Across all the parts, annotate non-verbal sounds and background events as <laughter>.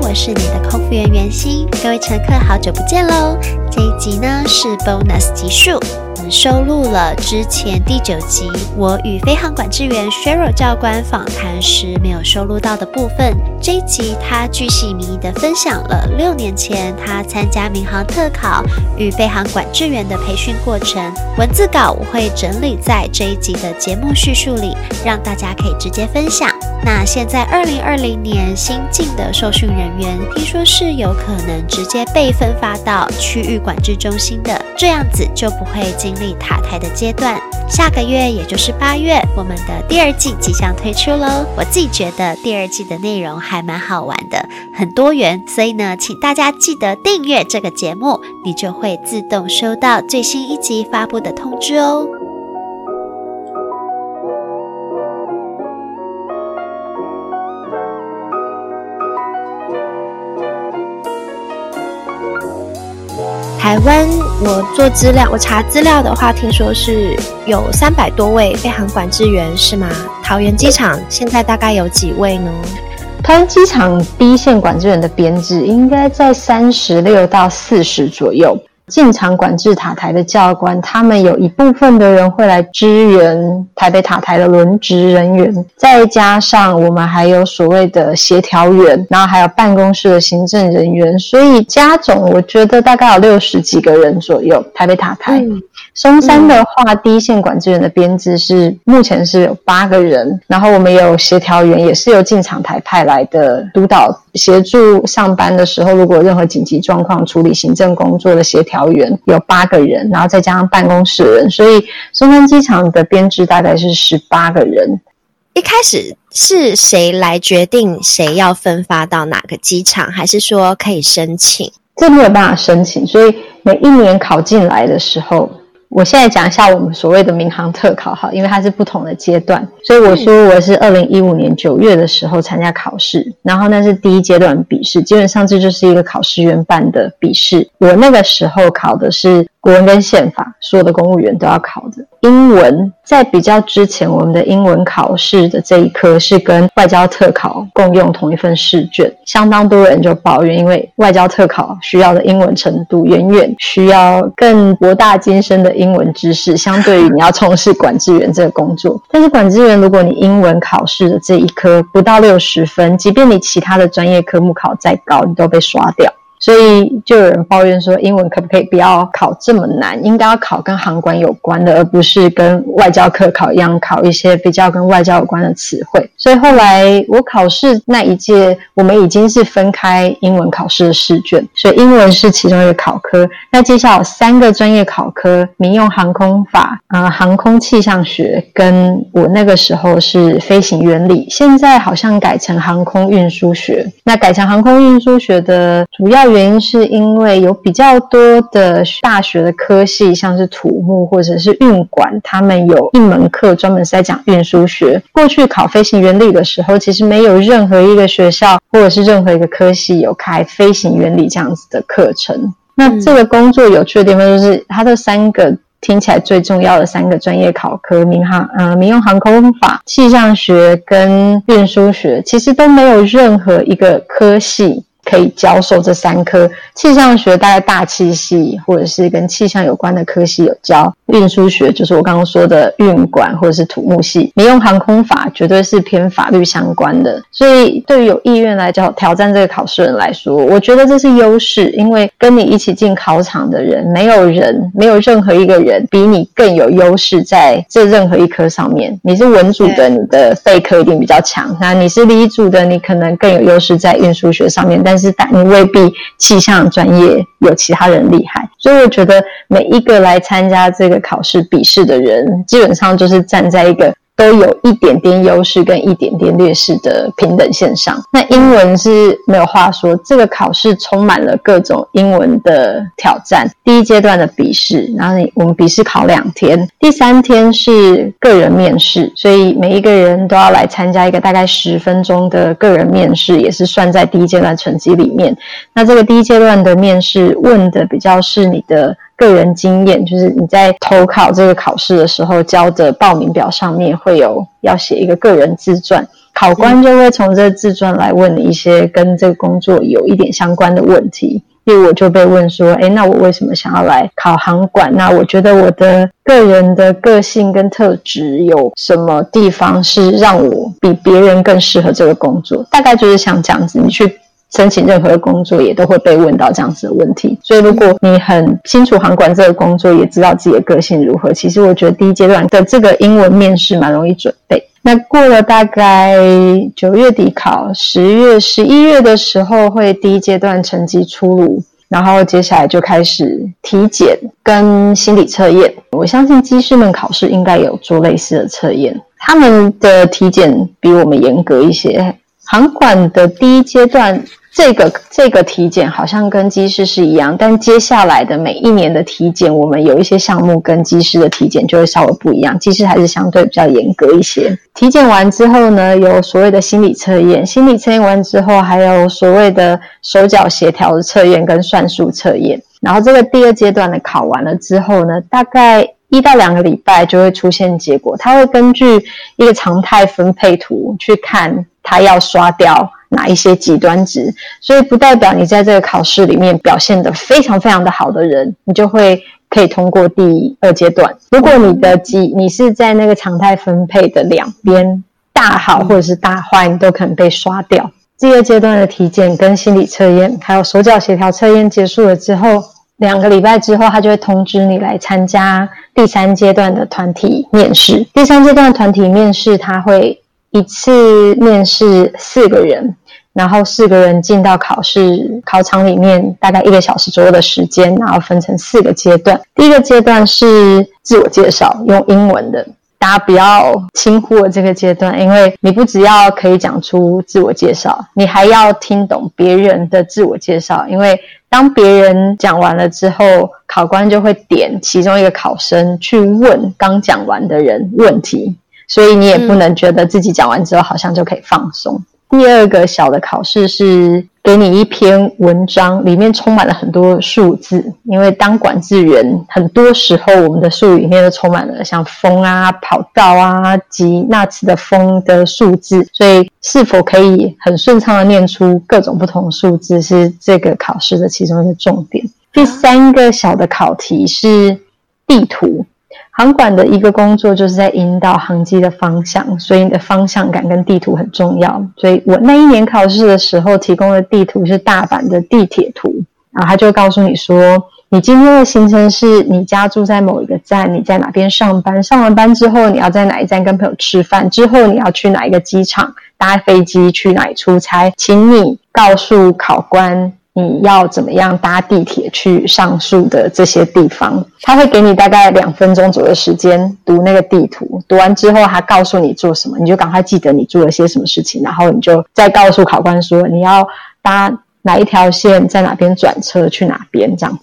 我是你的空服員袁心，各位乘客好久不見嘍！這一集呢是 bonus 集數，我們收錄了之前第九集我與飛航管制員 Cheryl 教官訪談時沒有收錄到的部分。這一集他巨細靡遺的分享了六年前他參加民航特考與飛航管制員的培訓過程。文字稿我會整理在這一集的節目敘述裡，讓大家可以直接分享。那現在，二零二零年新進的受訓人員，聽說是有可能直接被分發到區域管制中心的，這樣子就不會經歷塔臺的階段。下個月，也就是八月，我們的第二季即將推出嘍。我自己覺得第二季的內容還蠻好玩的，很多元，所以呢，請大家記得訂閱這個節目，你就會自動收到最新一集發布的通知哦。台灣，我做資料，我查資料的話，聽說是有三百多位飛航管制員，是嗎？桃園機場現在大概有幾位呢？桃園機場第一線管制員的編制應該在三十六到四十左右。進場管制塔台的教官，他們有一部分的人會來支援台北塔台的輪值人員，再加上我們還有所謂的協調員，然後還有辦公室的行政人員，所以加總我覺得大概有六十幾個人左右。台北塔台。嗯松山的話，嗯，第一線管制員的編制是目前是有八個人，然後我們有協調員，也是由進場台派來的督導協助上班的時候，如果任何緊急狀況處理行政工作的協調員有八個人，然後再加上辦公室的人，所以松山機場的編制大概是十八個人。一開始是誰來決定誰要分發到哪個機場，還是說可以申請？這沒有辦法申請，所以每一年考進來的時候。我現在講一下我們所謂的民航特考哈，因為它是不同的階段，所以我說我是二零一五年九月的時候參加考試，然後那是第一階段筆試，基本上這就是一個考試院辦的筆試，我那個時候考的是，國文跟憲法，所有的公務員都要考的。英文在比較之前，我們的英文考試的這一科是跟外交特考共用同一份試卷，相當多人就抱怨，因為外交特考需要的英文程度遠遠需要更博大精深的英文知識，相對於你要從事管制員這個工作。但是管制員，如果你英文考試的這一科不到六十分，即便你其他的專業科目考再高，你都被刷掉。所以就有人抱怨說，英文可不可以不要考這麼難？應該要考跟航管有關的，而不是跟外交科考一樣考一些比較跟外交有關的詞彙。所以後來我考試那一屆，我們已經是分開英文考試的試卷，所以英文是其中一個考科。那接下來有三個專業考科：民用航空法、呃，航空氣象學，跟我那個時候是飛行原理。現在好像改成航空運輸學。那改成航空運輸學的主要原因是因為有比較多的大學的科系，像是土木或者是運管，他們有一門課專門是在講運輸學。過去考飛行原理的時候，其實沒有任何一個學校或者是任何一個科系有開飛行原理這樣子的課程。那這個工作有趣的地方就是，它的三個聽起來最重要的三個專業考科：民航、嗯、呃，民用航空法、氣象學跟運輸學，其實都沒有任何一個科系。可以教授這三科。氣象學大概大氣系或者是跟氣象有關的科系有教。運輸學就是我剛剛說的運管或者是土木系。民用航空法，絕對是偏法律相關的，所以對於有意願來教挑戰這個考試的人來說，我覺得這是優勢，因為跟你一起進考場的人，沒有人、沒有任何一個人比你更有優勢在這任何一科上面。你是文組的，你的背科一定比較強；那你是理組的，你可能更有優勢在運輸學上面，但。是，但你未必氣象專業有其他人厲害，所以我覺得每一個來參加這個考試筆試的人，基本上就是站在一個都有一點點優勢跟一點點劣勢的平等線上。那英文是沒有話說，這個考試充滿了各種英文的挑戰。第一階段的筆試，然後你我們筆試考兩天，第三天是個人面試，所以每一個人都要來參加一個大概十分鐘的個人面試，也是算在第一階段成績裡面。那這個第一階段的面試問的比較是你的。個人經驗就是你在投考這個考試的時候，交的報名表上面會有要寫一個個人自傳，考官就會從這自傳來問你一些跟這個工作有一點相關的問題。因為我就被問說，哎、欸，那我為什麼想要來考航管？那我覺得我的個人的個性跟特質有什麼地方是讓我比別人更適合這個工作？大概就是想這樣子，你去。申請任何的工作也都會被問到這樣子的問題，所以如果你很清楚航管這個工作，也知道自己的個性如何，其實我覺得第一階段的這個英文面試蠻容易準備。那過了大概九月底考，十月、十一月的時候會第一階段成績出爐，然後接下來就開始體檢跟心理測驗。我相信機師們考試應該有做類似的測驗，他們的體檢比我們嚴格一些。航管的第一階段。這個這個體檢好像跟機師是一樣，但接下來的每一年的體檢，我們有一些項目跟機師的體檢就會稍微不一樣。機師還是相對比較嚴格一些。體檢完之後呢，有所謂的心理測驗，心理測驗完之後，還有所謂的手腳協調的測驗跟算術測驗。然後這個第二階段的考完了之後呢，大概一到兩個禮拜就會出現結果，他會根據一個常態分配圖去看，他要刷掉，哪一些極端值，所以不代表你在這個考試裡面表現得非常非常的好的人，你就會可以通過第二階段。如果你的極，你是在那個常態分配的兩邊，大好或者是大壞，你都可能被刷掉。第二階段的體檢跟心理測驗，還有手腳協調測驗結束了之後，兩個禮拜之後，他就會通知你來參加第三階段的團體面試。第三階段的團體面試，他會一次面試四個人。然後四個人進到考試考場裡面，大概一個小時左右的時間，然後分成四個階段。第一個階段是自我介紹，用英文的。大家不要輕忽了這個階段，因為你不只要可以講出自我介紹，你還要聽懂別人的自我介紹。因為當別人講完了之後，考官就會點其中一個考生去問剛講完的人問題，所以你也不能覺得自己講完之後好像就可以放鬆。嗯。第二個小的考試是給你一篇文章，裡面充滿了很多數字。因為當管制員，很多時候我們的術語裡面都充滿了像風啊、跑道啊、及那次的風的數字，所以是否可以很順暢地念出各種不同數字，是這個考試的其中一個重點。第三個小的考題是地圖。航管的一個工作就是在引導航機的方向，所以你的方向感跟地圖很重要。所以我那一年考試的時候提供的地圖是大阪的地鐵圖，然後他就告訴你說，你今天的行程是你家住在某一個站，你在哪邊上班，上完班之後你要在哪一站跟朋友吃飯，之後你要去哪一個機場搭飛機去哪裡出差，請你告訴考官。你要怎麼樣搭地鐵去上述的這些地方？他會給你大概兩分鐘左右的時間讀那個地圖，讀完之後他告訴你做什麼，你就趕快記得你做了些什麼事情，然後你就再告訴考官說你要搭哪一條線，在哪邊轉車去哪邊這樣子。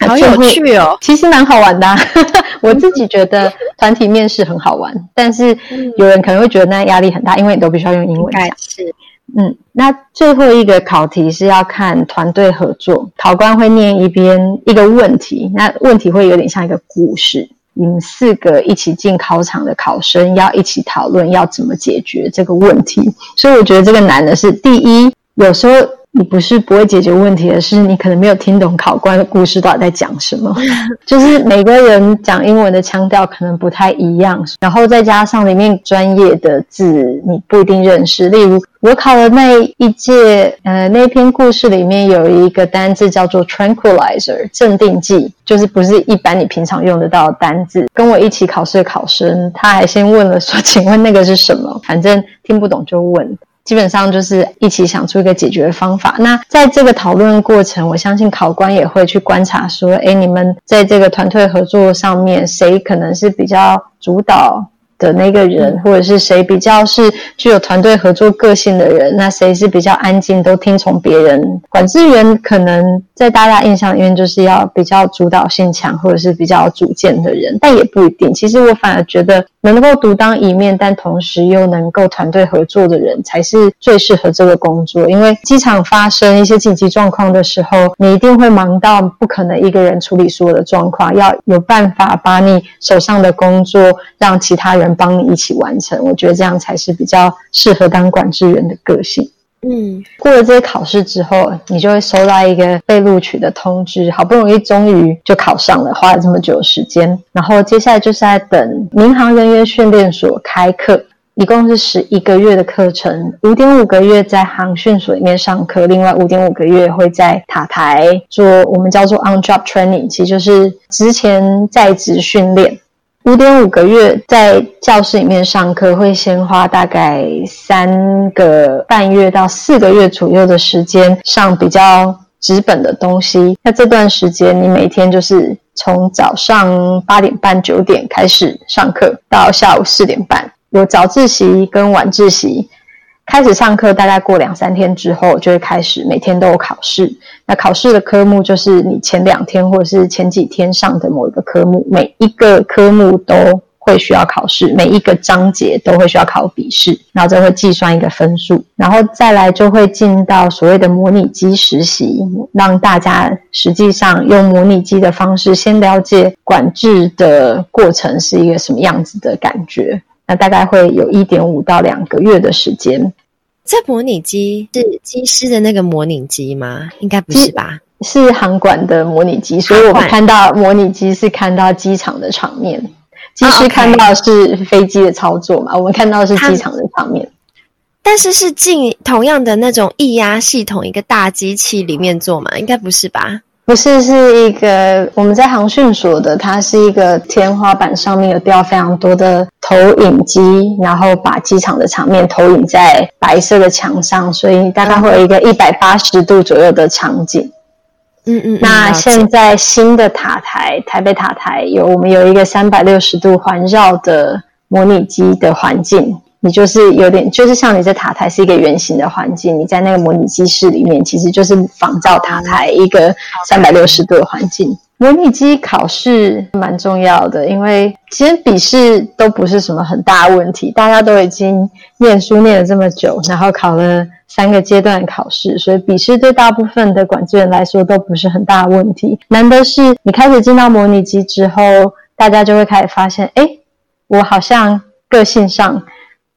好有趣哦，其實蠻好玩的啊。 <laughs> 我自己覺得團體面試很好玩，但是有人可能會覺得那壓力很大，因為你都必須要用英文講。是。嗯，那最後一個考題是要看團隊合作。考官會唸一邊一個問題，那問題會有點像一個故事。你們四個一起進考場的考生要一起討論要怎麼解決這個問題，所以我覺得這個難的是第一，有時候。你不是不會解決問題的，而是你可能沒有聽懂考官的故事到底在講什麼。 <laughs> 就是每個人講英文的腔調可能不太一樣，然後再加上裡面專業的字你不一定認識。例如我考的那一屆，呃，那篇故事裡面有一個單字叫做 tranquilizer（ 鎮定劑），就是不是一般你平常用得到的單字。跟我一起考試的考生他還先問了說：“請問那個是什麼？”反正聽不懂就問。基本上就是一起想出一個解決方法。那在這個討論過程，我相信考官也會去觀察說，哎，你們在這個團隊合作上面，誰可能是比較主導的那個人，或者是誰比較是具有團隊合作個性的人？那誰是比較安靜，都聽從別人？管制員可能在大家印象裡面就是要比較主導性強，或者是比較主見的人，但也不一定。其實我反而覺得，能夠獨當一面，但同時又能夠團隊合作的人，才是最適合這個工作。因為機場發生一些緊急狀況的時候，你一定會忙到不可能一個人處理所有的狀況，要有辦法把你手上的工作讓其他人。幫你一起完成，我覺得這樣才是比較適合當管制員的個性。嗯，過了這些考試之後，你就會收到一個被錄取的通知。好不容易，終於就考上了，花了這麼久的時間。然後接下來就是在等民航人員訓練所開課，一共是十一個月的課程，五點五個月在航訓所裡面上課，另外五點五個月會在塔台做我們叫做 on job training，其實就是之前在職訓練。五點五個月在教室裡面上課，會先花大概三個半月到四個月左右的時間上比較紙本的東西。那這段時間，你每天就是從早上八點半九點開始上課，到下午四點半，有早自習跟晚自習。開始上課大概過兩三天之後，就會開始每天都有考試。那考試的科目就是你前兩天或者是前幾天上的某一個科目，每一個科目都會需要考試，每一個章節都會需要考筆試，然後這會計算一個分數。然後再來就會進到所謂的模擬機實習，讓大家實際上用模擬機的方式先了解管制的過程是一個什麼樣子的感覺。那大概會有一點五到兩個月的時間。這模擬機是機師的那個模擬機嗎？應該不是吧？是航管的模擬機，所以我們看到模擬機是看到機場的場面，機師看到是飛機的操作嘛。我們看到是機場的場面。啊 okay，但是是進同樣的那種液壓系統一個大機器裡面做嘛？應該不是吧？不是，是一個我們在航訓所的，它是一個天花板上面有吊非常多的。投影機，然後把機場的場面投影在白色的牆上，所以大概會有一個一百八十度左右的場景。嗯嗯。嗯嗯，那現在新的塔台，台北塔台有我們有一個三百六十度環繞的模擬機的環境，你就是有點，就是像你在塔台是一個圓形的環境，你在那個模擬機室裡面，其實就是仿造塔台一個三百六十度的環境。嗯模擬機考試蠻重要的，因為其實筆試都不是什麼很大問題，大家都已經唸書唸了這麼久，然後考了三個階段考試，所以筆試對大部分的管制員來說都不是很大問題。難的是你開始進到模擬機之後，大家就會開始發現，哎，我好像個性上，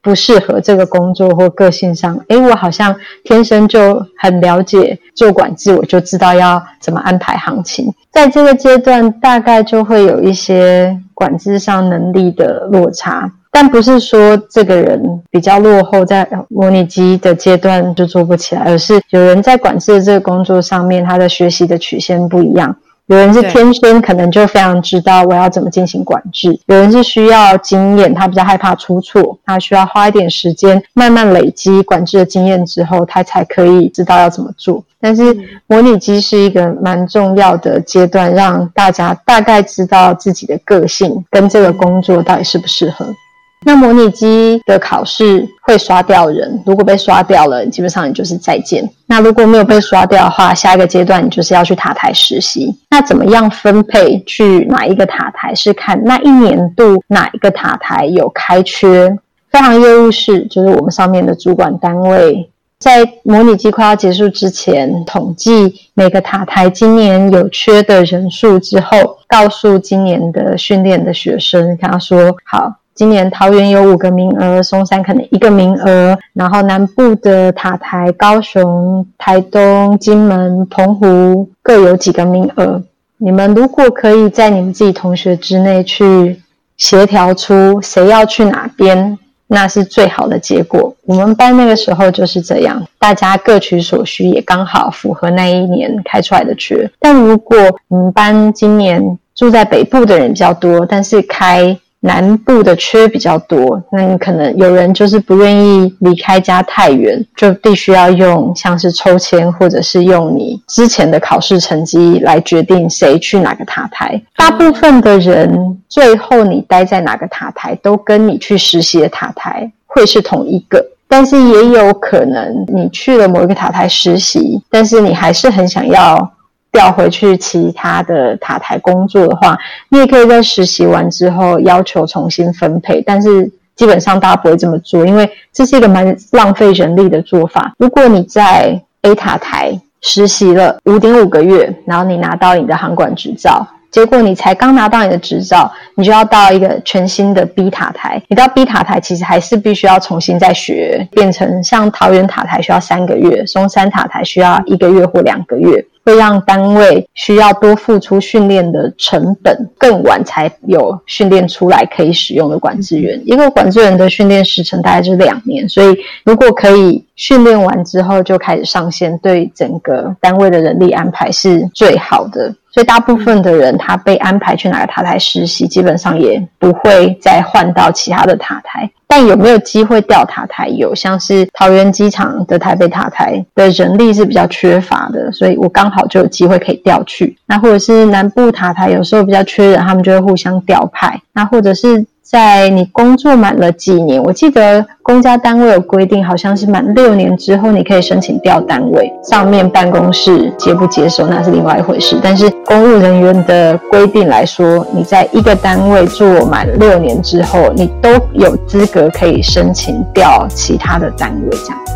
不適合這個工作或個性上。誒，我好像天生就很了解做管制，我就知道要怎麼安排行情。在這個階段，大概就會有一些管制上能力的落差，但不是說這個人比較落後，在模擬機的階段就做不起來，而是有人在管制這個工作上面，他的學習的曲線不一樣。有人是天生可能就非常知道我要怎麼進行管制，對有人是需要經驗，他比較害怕出錯，他需要花一點時間慢慢累積管制的經驗之後，他才可以知道要怎麼做。但是模擬機是一個蠻重要的階段，嗯，讓大家大概知道自己的個性跟這個工作到底適不適合。那模擬機的考試會刷掉人，如果被刷掉了，基本上你就是再見。那如果沒有被刷掉的話，下一個階段你就是要去塔台實習。那怎麼樣分配去哪一個塔台？是看那一年度哪一個塔台有開缺。飛航業務室就是我們上面的主管單位，在模擬機快要結束之前，統計每個塔台今年有缺的人數之後，告訴今年的訓練的學生，跟他說好。今年桃園有五個名額，松山可能一個名額，然後南部的塔台，高雄、台東、金門、澎湖各有幾個名額。你們如果可以在你們自己同學之內去協調出誰要去哪邊，那是最好的結果。我們班那個時候就是這樣，大家各取所需，也剛好符合那一年開出來的缺。但如果你們班今年住在北部的人比較多，但是開。南部的缺比較多，那你可能有人就是不願意離開家太遠，就必須要用像是抽籤，或者是用你之前的考試成績來決定誰去哪個塔台。大部分的人最後你待在哪個塔台，都跟你去實習的塔台會是同一個，但是也有可能你去了某一個塔台實習，但是你還是很想要。調回去其他的塔台工作的話，你也可以在實習完之後要求重新分配，但是基本上大家不會這麼做，因為這是一個蠻浪費人力的做法。如果你在 A 塔台實習了五點五個月，然後你拿到你的航管執照。結果你才剛拿到你的執照，你就要到一個全新的 B 塔臺。你到 B 塔臺其實還是必須要重新再學，變成像桃園塔臺需要三個月，松山塔臺需要一個月或兩個月，會讓單位需要多付出訓練的成本，更晚才有訓練出來可以使用的管制員。一個管制員的訓練時程大概是兩年，所以如果可以訓練完之後就開始上線，對整個單位的人力安排是最好的。所以大部分的人，他被安排去哪個塔台實習，基本上也不會再換到其他的塔台。但有沒有機會調塔台？有，像是桃園機場的台北塔台的人力是比較缺乏的，所以我剛好就有機會可以調去。那或者是南部塔台，有時候比較缺人，他們就會互相調派。那或者是。在你工作滿了幾年？我記得公家單位有規定，好像是滿六年之後你可以申請調單位。上面辦公室接不接受那是另外一回事。但是公務人員的規定來說，你在一個單位做滿六年之後，你都有資格可以申請調其他的單位，這樣。